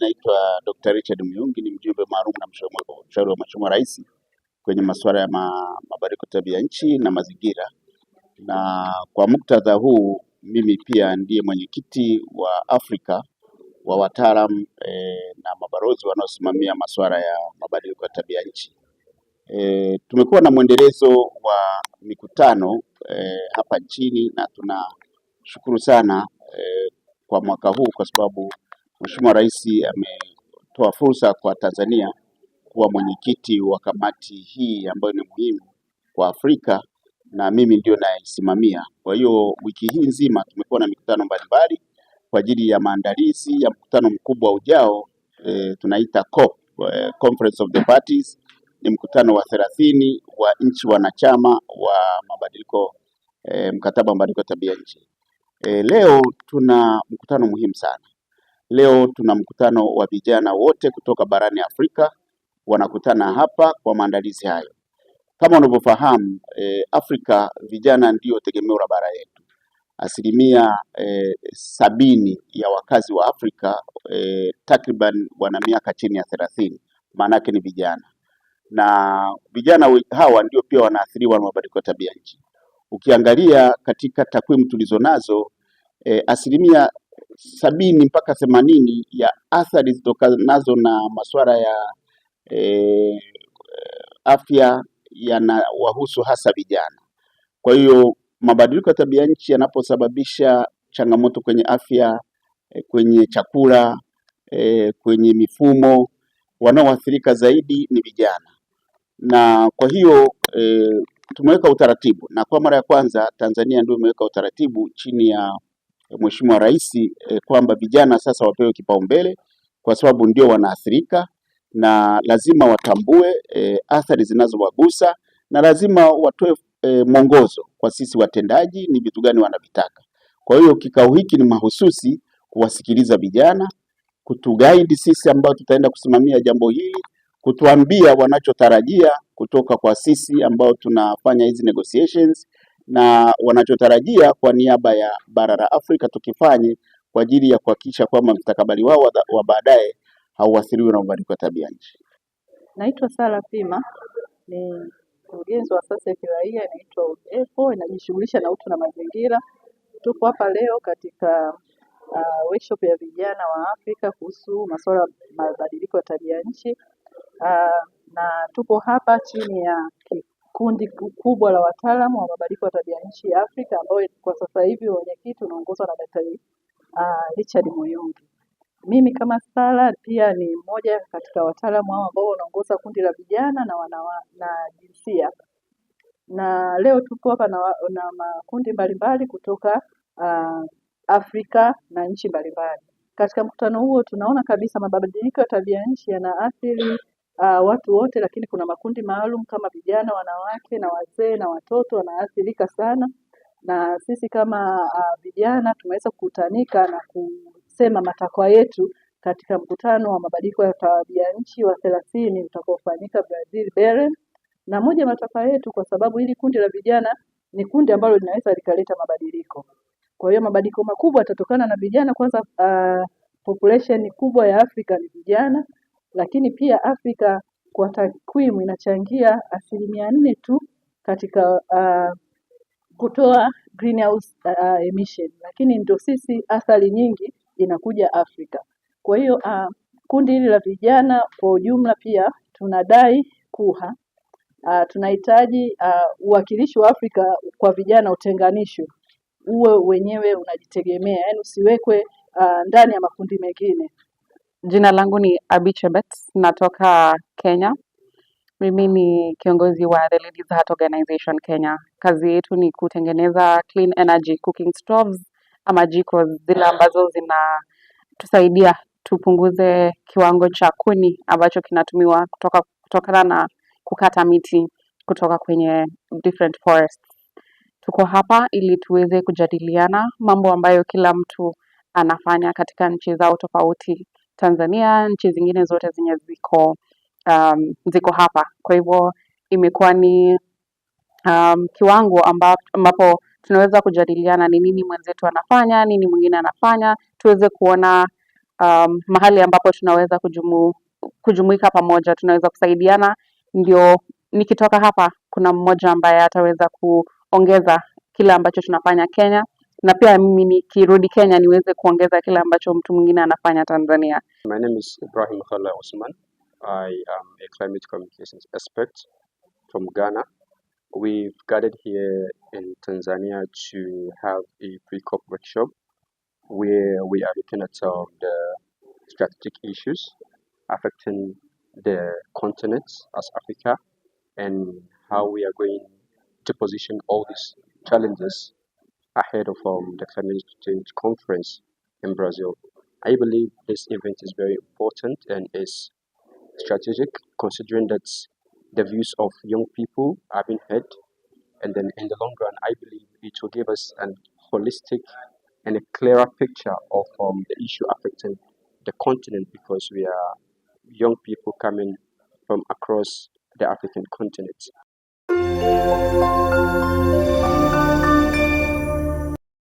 naitwa Dr. Richard Muyungi, ni mjumbe maalum na mshauri wa Mheshimiwa Rais kwenye masuala ya ma, mabadiliko tabia nchi na mazingira, na kwa muktadha huu mimi pia ndiye mwenyekiti wa Afrika wa wataalam e, na mabalozi wanaosimamia masuala ya mabadiliko ya tabia nchi. E, tumekuwa na mwendelezo wa mikutano e, hapa nchini na tunashukuru sana e, kwa mwaka huu kwa sababu Mheshimiwa Rais ametoa fursa kwa Tanzania kuwa mwenyekiti wa kamati hii ambayo ni muhimu kwa Afrika na mimi ndio naisimamia. Kwa hiyo wiki hii nzima tumekuwa na mikutano mbalimbali kwa ajili ya maandalizi ya mkutano mkubwa ujao, e, tunaita COP, eh, Conference of the Parties. Ni mkutano wa thelathini wa nchi wanachama wa mabadiliko e, mkataba wa mabadiliko ya tabia nchi. E, leo tuna mkutano muhimu sana Leo tuna mkutano wa vijana wote kutoka barani Afrika wanakutana hapa kwa maandalizi hayo. Kama unavyofahamu eh, Afrika vijana ndiyo tegemeo la bara yetu. Asilimia eh, sabini ya wakazi wa Afrika eh, takriban wana miaka chini ya thelathini, maanake ni vijana, na vijana hawa ndio pia wanaathiriwa na mabadiliko ya tabia nchi. Ukiangalia katika takwimu tulizo nazo eh, asilimia sabini mpaka themanini ya athari zitokanazo na masuala ya e, afya yanawahusu hasa vijana. Kwa hiyo mabadiliko ya tabia nchi yanaposababisha changamoto kwenye afya, e, kwenye chakula, e, kwenye mifumo, wanaoathirika zaidi ni vijana, na kwa hiyo e, tumeweka utaratibu na kwa mara ya kwanza Tanzania ndio imeweka utaratibu chini ya Mheshimiwa Rais eh, kwamba vijana sasa wapewe kipaumbele kwa sababu ndio wanaathirika na lazima watambue eh, athari zinazowagusa na lazima watoe eh, mwongozo kwa sisi watendaji ni vitu gani wanavitaka. Kwa hiyo kikao hiki ni mahususi kuwasikiliza vijana, kutugaidi sisi ambao tutaenda kusimamia jambo hili, kutuambia wanachotarajia kutoka kwa sisi ambao tunafanya hizi negotiations na wanachotarajia kwa niaba ya bara la Afrika tukifanye kwa ajili ya kuhakikisha kwamba mstakabali wao wa baadaye hauathiriwi na mabadiliko ya tabia nchi. Naitwa Sara Pima, ni mkurugenzi wa asasi ya kiraia inaitwa UDEPO, inajishughulisha na utu na mazingira. Tupo hapa leo katika uh, workshop ya vijana wa Afrika kuhusu masuala mabadiliko ya tabia nchi uh, na tupo hapa chini ya kundi kubwa la wataalamu wa mabadiliko ya tabia nchi ya Afrika, ambao kwa sasa hivi wenyekiti unaongozwa na Daktari uh, ah, Richard Muyungi. Mimi kama Sara pia ni mmoja katika wataalamu hao ambao wanaongoza kundi la vijana na wanawa, na jinsia, na leo tupo hapa na, na makundi mbalimbali kutoka uh, Afrika na nchi mbalimbali. Katika mkutano huo tunaona kabisa mabadiliko ya tabia nchi yanaathiri uh, watu wote, lakini kuna makundi maalum kama vijana, wanawake na wazee na watoto wanaathirika sana, na sisi kama uh, vijana uh, tumeweza kukutanika na kusema matakwa yetu katika mkutano wa mabadiliko ya tabia nchi wa thelathini utakaofanyika Brazil Belem. Na moja ya matakwa yetu, kwa sababu hili kundi la vijana ni kundi ambalo linaweza likaleta mabadiliko. Kwa hiyo mabadiliko makubwa yatatokana na vijana kwanza. Uh, population kubwa ya Afrika ni vijana. Lakini pia Afrika kwa takwimu inachangia asilimia nne tu katika uh, kutoa greenhouse uh, emission, lakini ndio sisi athari nyingi inakuja Afrika. Kwa hiyo uh, kundi hili la vijana kwa ujumla pia tunadai kuha uh, tunahitaji uh, uwakilishi wa Afrika kwa vijana utenganishwe, uwe wenyewe unajitegemea, yaani usiwekwe uh, ndani ya makundi mengine. Jina langu ni Abby Chebet, natoka Kenya. Mimi ni kiongozi wa The Ladies Heart Organization Kenya. Kazi yetu ni kutengeneza clean energy cooking stoves ama jiko zile ambazo zinatusaidia tupunguze kiwango cha kuni ambacho kinatumiwa kutoka kutokana na kukata miti kutoka kwenye different forests. Tuko hapa ili tuweze kujadiliana mambo ambayo kila mtu anafanya katika nchi zao tofauti Tanzania, nchi zingine zote zenye ziko um, ziko hapa. Kwa hivyo imekuwa ni um, kiwango ambapo tunaweza kujadiliana ni nini mwenzetu anafanya, nini mwingine anafanya, tuweze kuona um, mahali ambapo tunaweza kujumu, kujumuika pamoja, tunaweza kusaidiana. Ndio nikitoka hapa, kuna mmoja ambaye ataweza kuongeza kile ambacho tunafanya Kenya na pia mimi nikirudi Kenya niweze kuongeza kile ambacho mtu mwingine anafanya Tanzania. My name is Ibrahim Khala Osman. I am a climate communications expert from Ghana. We've gathered here in Tanzania to have a pre-COP workshop where we are looking at some of the strategic issues affecting the continent as Africa and how we are going to position all these challenges ahead of um, the climate change conference in Brazil. I believe this event is very important and is strategic considering that the views of young people are being heard. And then in the long run, I believe it will give us a holistic and a clearer picture of um, the issue affecting the continent because we are young people coming from across the African continent.